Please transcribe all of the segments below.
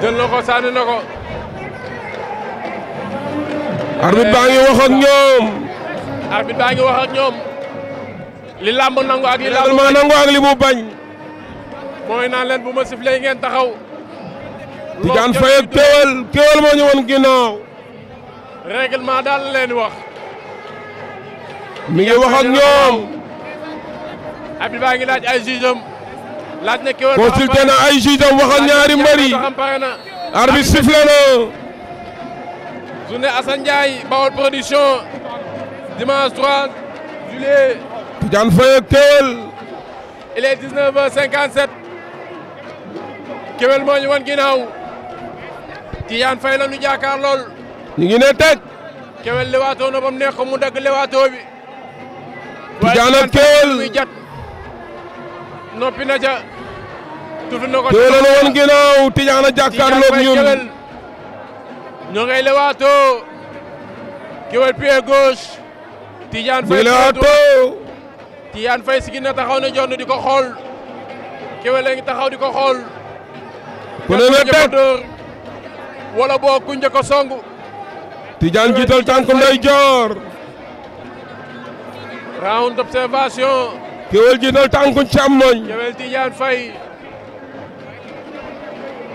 jël na ko sànni na ko. arbitre baa ngi wax ak ñoom. arbitre baa ngi wax ñoom. li làmb nangu ak li làmb ma nangu ak li mu bañ. mooy naan leen bu ma siflee ngeen taxaw. Tidiane Faye ak Keweul Keweul moo ñu woon ginnaaw. règlement daal leen wax. mi ngi wax ak ñoom. arbitre baa ngi laaj ay jugeem. consulté na ay juge am waxal ñaari mbër yi arbitre sifflé na journée Assane Ndiaye Baol production dimanche 3 juillet Tidiane Faye ak Kewel il wan ginnaaw Tidiane Faye la jaakaar lool ñu ngi ne teg Kewel lewaatoo na ba mu neex mu dagg lewaatoo bi Tidiane ak Kewel noppi na ca. tudd na ko teel a woon ginnaaw Tidiane jàkkaarloog ñun. ñoo ngay lewaatoo. Gueweul pied gauche. Tidiane Faye lewaatoo. taxaw na jonn di ko xool. Gueweul ngi taxaw di ko xool. ku ne la teg wala boo ku njëkk a song. Tidiane jiital tànk ndeyjoor. round d'observation. Géwël jiital tànku càmmoñ. Géwël Tidiane Faye.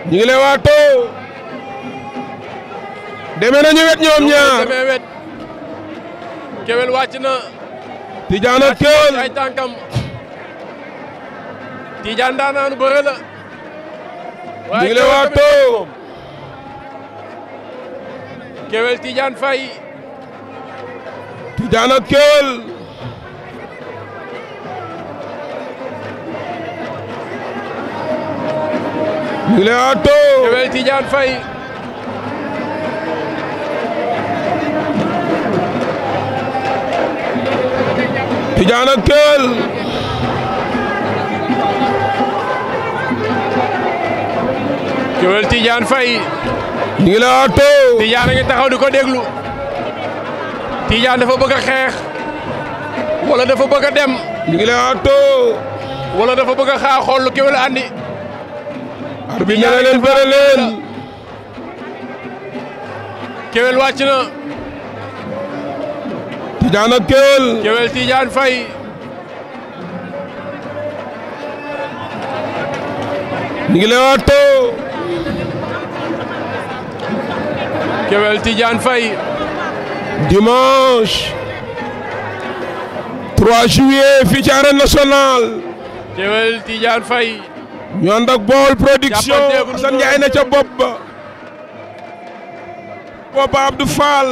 ñu ngi lay waatoo. demee nañu wet ñoom ñaar na. Tidiane ak Géwël ay tànkam. Tidiane daan naanu bëre la. ñu ngi lay waatoo. Géwël Tidiane Faye. Tidiane ñu ngi lay waatoo Kewel Tidiane Faye Tidiane ak Kewel Kewel Tidiane Faye ñu ngi lay waatoo Tidiane a ngi taxaw di ko déglu Tidiane dafa bëgg a xeex wala dafa bëgg a dem ñu ngi lay waatoo wala dafa bëgg a xaa xool lu Kewel andi arbi ne na leen bëre leen. Kewel wàcc na. Tidiane ak Kewel. Kewel Tidiane Faye. ñu ngi lay waatoo. Kewel Tidiane Faye. dimanche. 3 juillet fii ci arène nationale. Kewel Tidiane Faye. ñu ànd ak Baol production Assane Ndiaye na ca bopp ba bopp Abdou Fall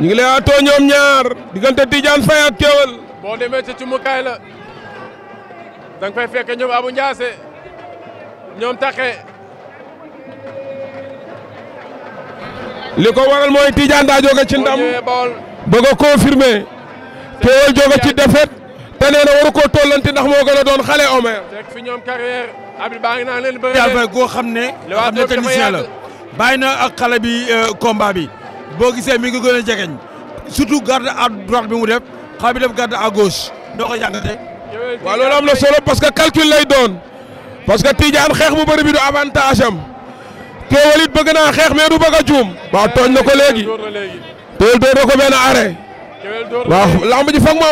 ñu ngi lay atoo ñoom ñaar diggante Tidiane Faye ak Kewel. boo demee ca cumukaay la da fay fekk ñoom Abou Ndiasse ñoom Taxe. li ko waral mooy Tidiane daa jóge ci ndam bëgg a confirmer Kewel jóge te nee na waru tollanti ndax moo gën doon xale Omer. fekk fi ñoom ngi naan leen goo xam ne. xam na ak xale bi euh, combat bi boo gisee mi ngi gën a jegeñ surtout garde à droite bi mu def xale bi def garde à gauche noo ko jàngate. waaw loolu na solo parce que calcul lay doon parce que Tidiane xeex bu bari bi du avantage am Keweul it bëgg naa xeex mais du bëgg a juum. waaw tooñ na ko léegi. Keweul door na ko benn arrêt. waaw lamb ji foog mu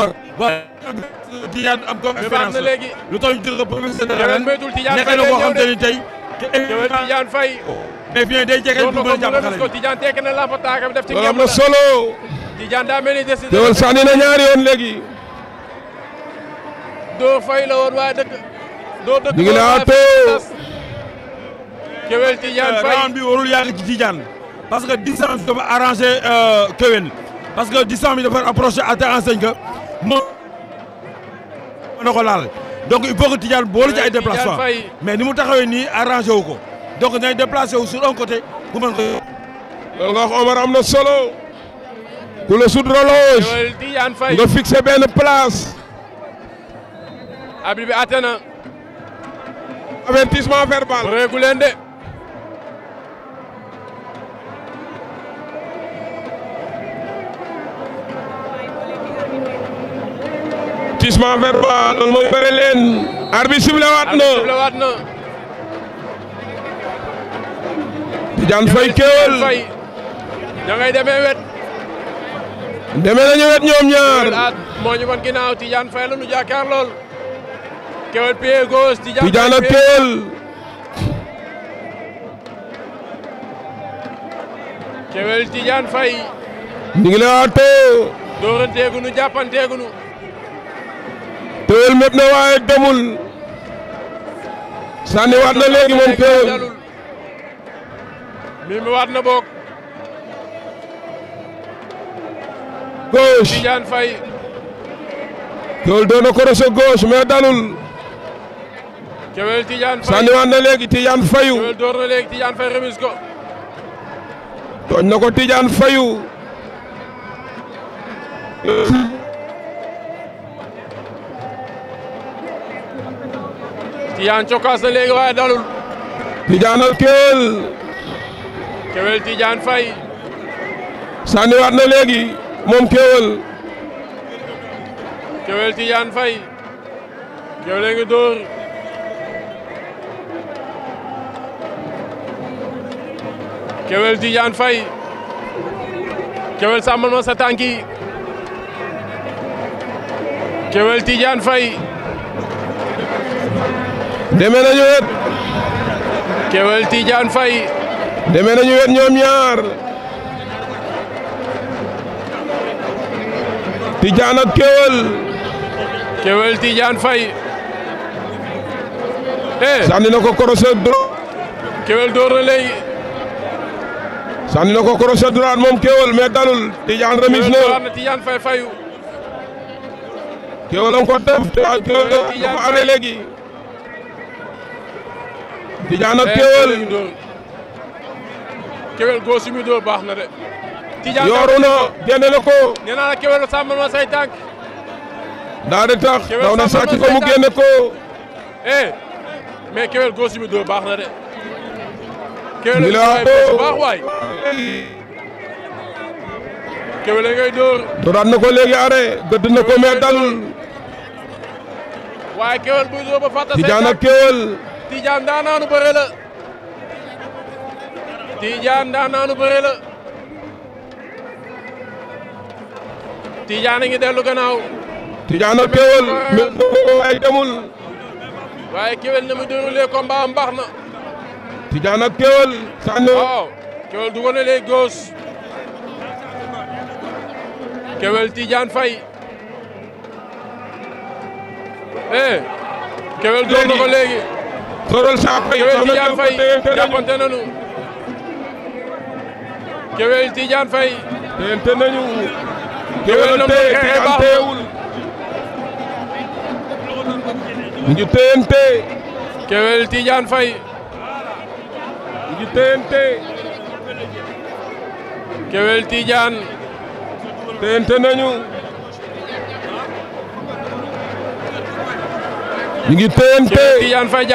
am voilà Tidiane am conférence lu tax ñu jël premier sénégalais nekk na boo xam te ni tey. Eh, Tidiane Faye. Oh. mais bien day jege ñu mën a jàpp xale yi. loolu am na solo. teewal sànni na ñaari yoon léegi. doo fay la woon waaye dëkk. doo dëkk ñu ngi laa too. Kewel Tidiane eh, Faye round bi ci Tidiane. parce que distance bi dafa arrangé euh, Kewel. parce que distance bi dafa approché à telle enseigne que. moom na ko laal donc il faut que Tidiane boolu ci ay déplacement mais ni mu taxawee nii arrangé wu ko donc dañuy déplacé wu sur un côté bu mën ko loolu nga am na solo ku la sut relonge nga fixé benn place abi bi atena avertissement verbal reegu leen de avertissement verbal loolu mooy bëre leen. arbitre sifflé waat na arbitre sifflé waat na. Tidiane demee wet. demee nañu wet ñoom ñaar. moo ñu wan ginnaaw Tidiane Faye la nu jàkkaar lool. Keweul pied gauche Tidiane ak Keweul. Keweul Tidiane Faye. ñu ngi lay waatoo. dooranteegu nu jàppanteegu nu. Téwél mépp na waaye demul sànni na léegi moom Téwél mi mi waat na boog gauche Tidiane Faye Téwél doon na korose dalul Téwél Tidiane Faye tooñ na ko Tidiane fayu Tidiane cokkaas na léegi waaye dalul. Tidiane ak Kewel. Kewel Tidiane Faye. na léegi moom Kewel. Kewel Tidiane Faye. Kewel a ma sa tànk yi. Kewel deme nañu wet. Kewel Tidiane Faye. deme nañu wet ñoom ñaar. Tidiane ak Kewel. Kewel Tidiane Faye. eh na ko crochet droit. Kewel door na léegi. sànni ko crochet droit moom Kewel mais dalul Tidiane remise na. Kewel na Tidiane Faye fayu. Kewel a ko def Tidiane Faye léegi. Tidiane ak Kewel Kewel dóor baax na de. Tidiane yooru na na ko. nee ma say tànk. de tax daw na sàcc ko mu génne ko. eh mais Kewel góos dóor baax na de. Kewel bu baax waay. Kewel ngay dóor. dooraat ko léegi are ko mais waaye Kewel buy dóor ba fàttali say Tidiane daan naanu bëre la Tidiane daan naanu bëre la Tidiane ngi dellu gannaaw. Tidiane ak Keweul waaye demul. waaye Keweul na mu déroulé combat am baax na. Tidiane ak Keweul. sànni waaw Keweul dugal na léegi gauche. Keweul Tidiane Faye. eh Keweul Sorol Saafay Kewel Tidiane Faye jàppante nañu Kewel Tidiane Faye teente Kewel na muy xeexe baaxul Kewel Tidiane Faye ñu ngi Kewel Tidiane teente ñu ngi PNP Tidiane Faye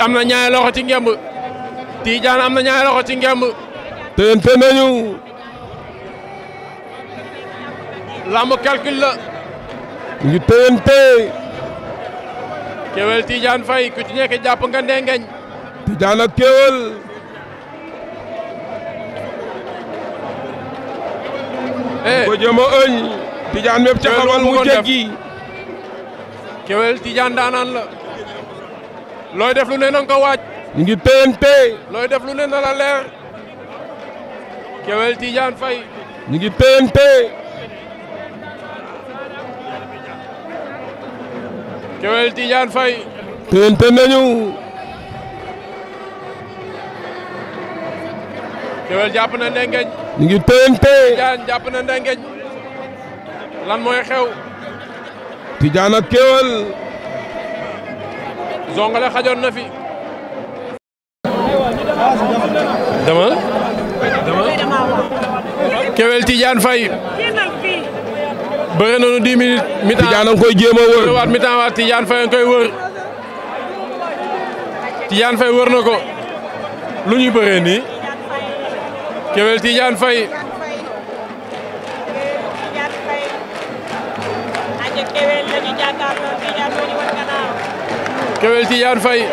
am na ñaari loxo ci ngemb Tidiane am na ñaari loxo ci ngemb PNP nañu lamb calcul la ñu ngi PNP Kewel Tidiane Faye ku ci nekk jàpp nga ndengeñ ak Kewel Eh. ko jëma ëñ tijaan mépp ca xabal mu jéggi kewel tijaan daanaan la looy def lu ne nanga ko waaj ñu ngi PNP looy def lu ne na la leer kewel tijaan fay ñu ngi PNP kewel tijaan fay PNP nañu kewel jàpp na ndengeñ ñu ngi téyante. Tidiane jàpp na ndengeñ lan mooy xew. Tidiane ak Keweul. Zongale xajoon na fi. dama dama. tiijaan Tidiane Faye. bëre nañu 10 minutes. mi-temps Tidiane a ngi koy jéem a wër. waat waat Tidiane Faye a koy wër. Tidiane Faye wër ko. lu ñuy bëree nii. Keweul Tidiane Faye Keweul Tidiane Faye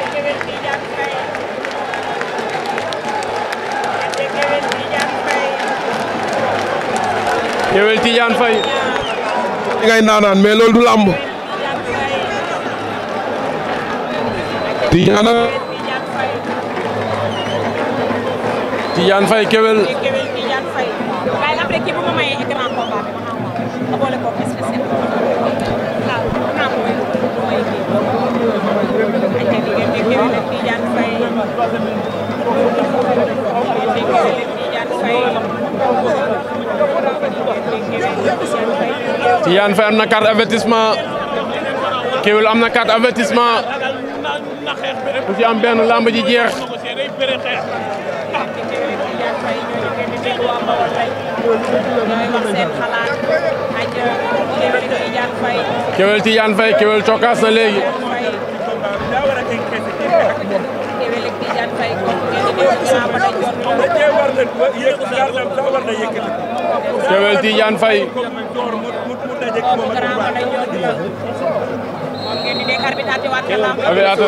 Keweul Tidiane Faye di ngay naanaan mais loolu du làmb Tidiane Tidiane Faye Kewel. Tidiane Faye am na carte avertissement Kewel am na carte avertissement ku ci am benn lamb ji jeex. bëre xeex ah. Kewel Tidiane Faye Kewel cokaas na léegi. Kewel Tidiane Faye. Arbitre bi àtte